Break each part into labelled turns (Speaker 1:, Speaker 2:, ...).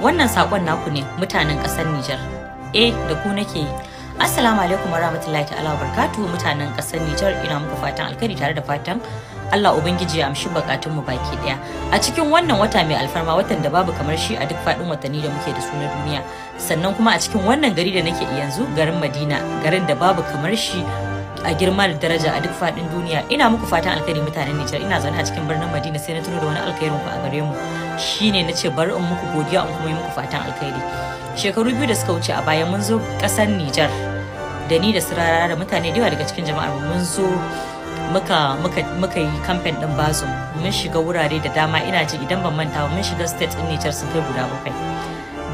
Speaker 1: Wannan sakon naku ne mutanen kasar Nijar. Eh da ku nake yi. Assalamu alaikum warahmatullahi ta'ala barkatu mutanen kasar Nijar ina muku fatan alkhairi tare da fatan Allah Ubangiji ya amshi bukatun mu baki daya. A cikin wannan wata mai alfarma watan da babu kamar shi a duk faɗin watanni da muke da su na duniya. Sannan kuma a cikin wannan gari da nake yanzu garin Madina garin da babu kamar shi a girma da daraja a duk fadin duniya ina muku fatan alkhairi mutanen Nijar ina zaune a cikin birnin Madina sai na tuno da wani alkhairin ku a gare mu shine nace bari in muku godiya in kuma yi muku fatan alkhairi shekaru biyu da suka wuce a baya mun zo kasar Nijar da ni da sirara da mutane da yawa daga cikin jama'ar mun zo muka muka muka yi kamfen din bazum mun shiga wurare da dama ina ji idan ban manta mun shiga state din Nijar sun kai guda bakwai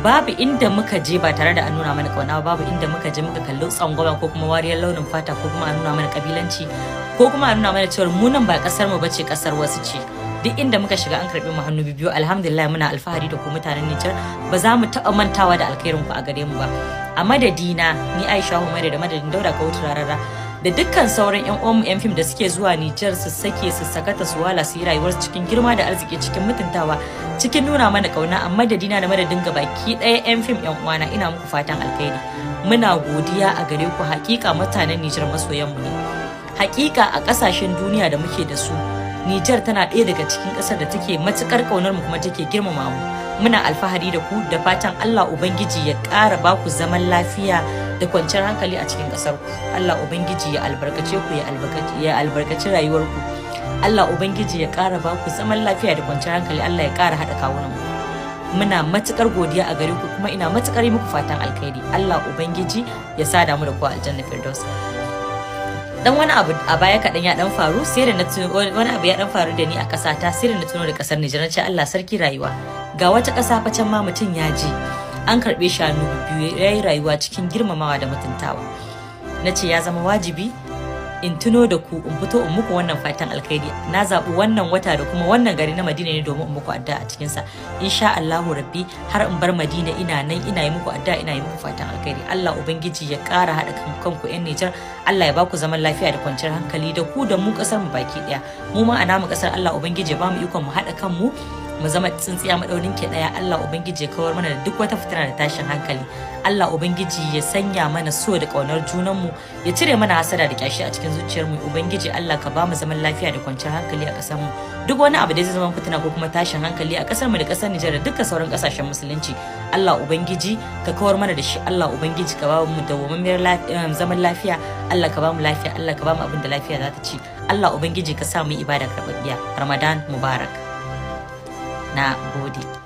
Speaker 1: babu inda muka je ba tare da an nuna mana kauna babu inda muka je muka kalli tsangwama ko kuma wariyar launin fata ko kuma an nuna mana kabilanci ko kuma an nuna mana cewa mu nan ba kasar mu bace kasar wasu ce duk inda muka shiga an karbi mu hannu biyu alhamdulillah muna alfahari da ku mutanen Nijar ba za mu taɓa mantawa da alkhairin ku a gare mu ba a madadina ni Aisha Humaira da madadin Dauda Kawutu Rarara da dukkan sauran 'yan uwanmu 'yan fim da suke zuwa Nijar su sake su sakata su wala su yi rayuwarsu cikin girma da arziki cikin mutuntawa cikin nuna mana kauna a madadina da madadin gabaki ɗaya 'yan fim 'yan uwana ina muku fatan alkhairi muna godiya a gare ku hakika mutanen Nijar masoyanmu ne hakika a ƙasashen duniya da muke da su Nijar tana ɗaya daga cikin ƙasar da take matuƙar ƙaunar mu kuma take girmama mu. Muna alfahari da ku da fatan Allah Ubangiji ya ƙara ba ku zaman lafiya da kwanciyar hankali a cikin ƙasar ku. Allah Ubangiji ya albarkace ku ya albarkaci rayuwar ku. Allah Ubangiji ya ƙara ba ku zaman lafiya da kwanciyar hankali Allah ya ƙara haɗa kawunan mu. Muna matuƙar godiya a gare ku kuma ina matuƙar yi muku fatan alkhairi. Allah Ubangiji ya sada mu da ku a aljanna Firdaus. dan wani abu a baya kaɗan ya dan faru sai da na wani abu ya dan faru da ni a ƙasa ta sai da na tuno da ƙasar Nijar na ce Allah sarki rayuwa ga wata ƙasa fa can ma mutum ya je an karɓe shanu biyu ya rayuwa cikin girmamawa da mutuntawa na ce ya zama wajibi in tuno da ku in fito in muku wannan fatan alkhairi na zaɓi wannan wata da kuma wannan gari na madina ne domin in muku addu'a a cikin sa insha Allahu rabbi har in bar madina ina nan ina yi muku adda, ina yi muku fatan alkhairi Allah ubangiji ya ƙara haɗa kanku yan Nijar Allah ya ba ku zaman lafiya da kwanciyar hankali da ku da mu kasar mu baki ɗaya mu ma a namu ƙasar Allah ubangiji ya ba mu ikon mu haɗa kanmu mu zama tsintsiya maɗaunin ke daya Allah ubangiji ya kawar mana da duk wata fitina da tashin hankali Allah ubangiji ya sanya mana so da kaunar junan mu ya cire mana hasada da kyashi a cikin zuciyar mu ubangiji Allah ka ba mu zaman lafiya da kwanciyar hankali a kasar mu duk wani abu da zai zama fitina ko kuma tashin hankali a kasar mu da kasar Nijar da dukkan sauran kasashen musulunci Allah ubangiji ka kawar mana da shi Allah ubangiji ka ba mu dawwammamiyar eh, zaman lafiya Allah ka ba mu lafiya Allah ka ba mu abin da lafiya za ta ci Allah ubangiji ka sa mu ibada karɓaɓɓiya Ramadan Mubarak なボディ